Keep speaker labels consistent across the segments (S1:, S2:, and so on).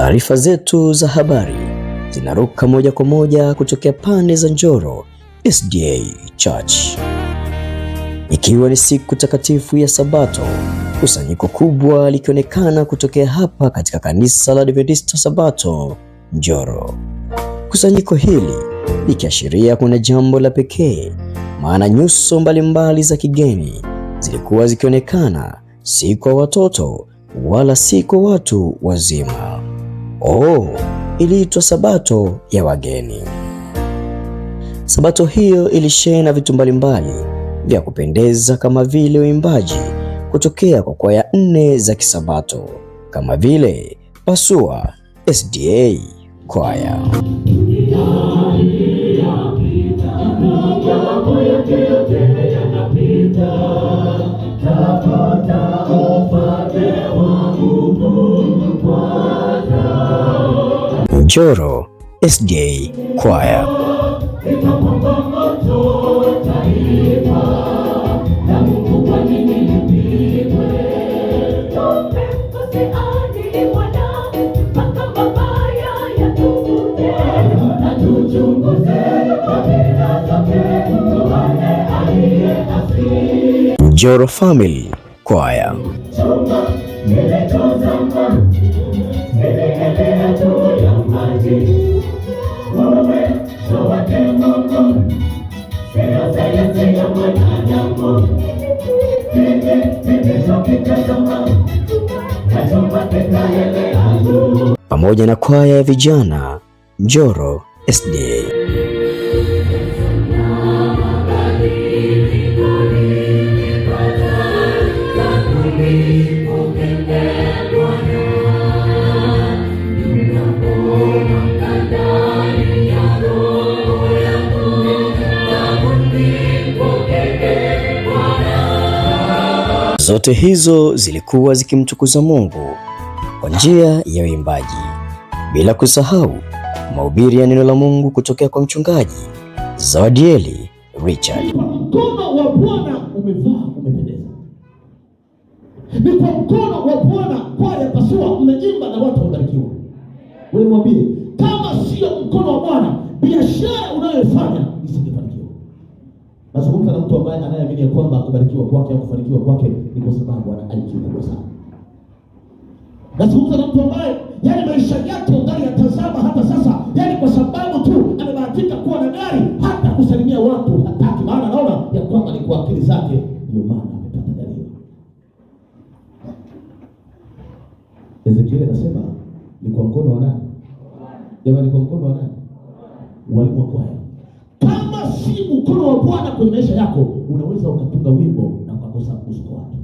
S1: Taarifa zetu za habari zinaruka moja kwa moja kutokea pande za Njoro SDA Church. Ikiwa ni siku takatifu ya Sabato, kusanyiko kubwa likionekana kutokea hapa katika kanisa la Adventista Sabato Njoro. Kusanyiko hili likiashiria kuna jambo la pekee, maana nyuso mbalimbali za kigeni zilikuwa zikionekana, si kwa watoto wala si kwa watu wazima. Oh, iliitwa Sabato ya wageni. Sabato hiyo ilishena na vitu mbalimbali vya kupendeza kama vile uimbaji kutokea kwa kwaya nne za kisabato kama vile Pasua, SDA kwaya Njoro SJ Kwaya. Njoro Family Kwaya. pamoja na kwaya ya vijana Njoro SDA. Zote hizo zilikuwa zikimtukuza Mungu kwa njia ya uimbaji, bila kusahau mahubiri ya neno la Mungu kutokea kwa mchungaji Zawadieli Richard. Mkono wa Bwana umevaa umependeza, ni kwa mkono wa Bwana kwaya Pasua na watu Wewe mwambie kama sio mkono wa Bwana biashara Nazungumza na mtu ambaye anayeamini ya kwamba kubarikiwa kwake au kufanikiwa kwake ni kwa sababu ana IQ kubwa sana. Nazungumza na mtu ambaye yale maisha yake ndani ya tazama hata sasa, yani kwa sababu tu amebahatika kuwa na gari, hata kusalimia watu hataki, maana anaona ya kwamba ni kwa akili zake ndio maana amepata gari. Ezekiel anasema ni kwa mkono wa nani? Jamani, kwa mkono wa nani? Walimu wa kwaya kama si mkono mkono wa Bwana kwenye maisha yako, unaweza ukatunga wimbo na ukakosa mguso wake.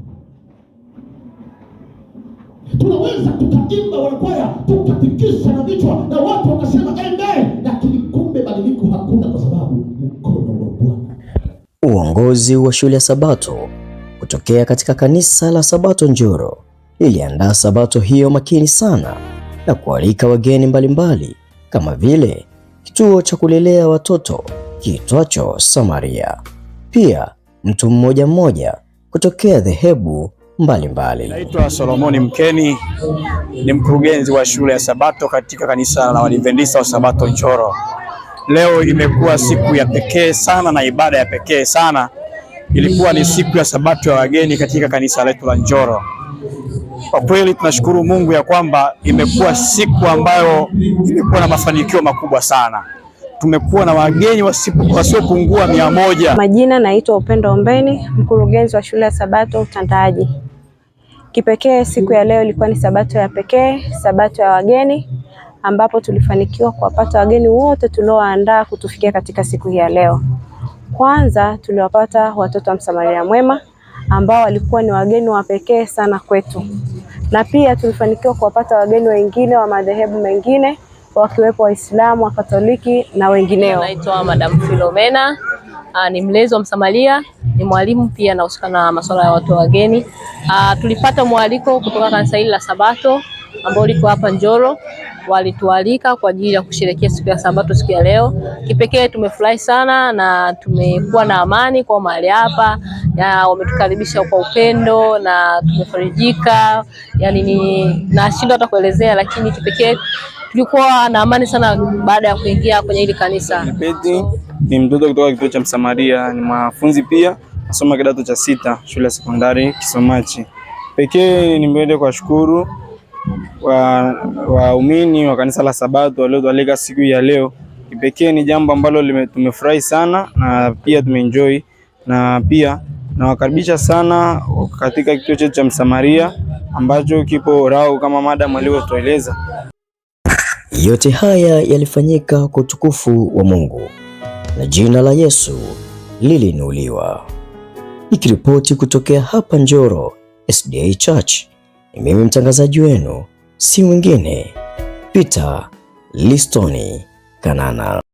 S1: Tunaweza tukaimba wanakwaya tukatikisa na vichwa na watu wakasema amen, lakini kumbe badiliko hakuna, kwa sababu mkono wa Bwana. Uongozi wa shule ya Sabato kutokea katika kanisa la Sabato Njoro iliandaa Sabato hiyo makini sana na kualika wageni mbalimbali mbali, kama vile kituo cha kulelea watoto kiitwacho Samaria. Pia mtu mmoja mmoja kutokea dhehebu mbalimbali.
S2: Naitwa Solomoni Mkeni, ni mkurugenzi wa shule ya Sabato katika kanisa la Waadventista wa Sabato Njoro. Leo imekuwa siku ya pekee sana na ibada ya pekee sana. Ilikuwa ni siku ya Sabato ya wageni katika kanisa letu la Njoro. Kwa kweli tunashukuru Mungu ya kwamba imekuwa siku ambayo imekuwa na mafanikio makubwa sana tumekuwa na wageni wasiopungua mia moja.
S3: Majina, naitwa Upendo Ombeni, mkurugenzi wa shule ya Sabato Utandaji. Kipekee siku ya leo ilikuwa ni sabato ya pekee, sabato ya wageni, ambapo tulifanikiwa kuwapata wageni wote tulioandaa kutufikia katika siku hii ya leo. Kwanza tuliwapata watoto wa Msamaria Mwema ambao walikuwa ni wageni wa pekee sana kwetu, na pia tulifanikiwa kuwapata wageni wengine wa madhehebu mengine wakiwepo Waislamu, Wakatoliki na wengineo.
S4: Naitwa Madam Philomena, ah, ni mlezi wa Msamalia, ni mwalimu pia anahusika na masuala ya watu wageni. Ah, tulipata mwaliko kutoka kanisa hili la Sabato ambao liko hapa Njoro, walitualika kwa ajili ya kusherehekea siku ya Sabato siku ya leo. Kipekee tumefurahi sana na tumekuwa na amani kwa mahali hapa, wametukaribisha kwa upendo na tumefarijika, yani ni nashindwa hata kuelezea, lakini kipekee tulikuwa na amani sana baada ya kuingia kwenye hili kanisa.
S5: Nipeti, ni mtoto kutoka kituo cha Msamaria, ni mwanafunzi pia, nasoma kidato cha sita shule ya sekondari Kisomachi. Pekee nimeenda kuwashukuru waumini wa, wa kanisa la Sabato waliotualika siku ya leo. Kipekee ni jambo ambalo tumefurahi sana na pia tumeenjoy, na pia nawakaribisha sana katika kituo chetu cha Msamaria ambacho kipo Rau kama madam alivyotueleza.
S1: Yote haya yalifanyika kwa utukufu wa Mungu na jina la Yesu liliinuliwa. Nikiripoti kutokea hapa Njoro SDA Church, ni mimi mtangazaji wenu, si mwingine Peter Listoni Kanana.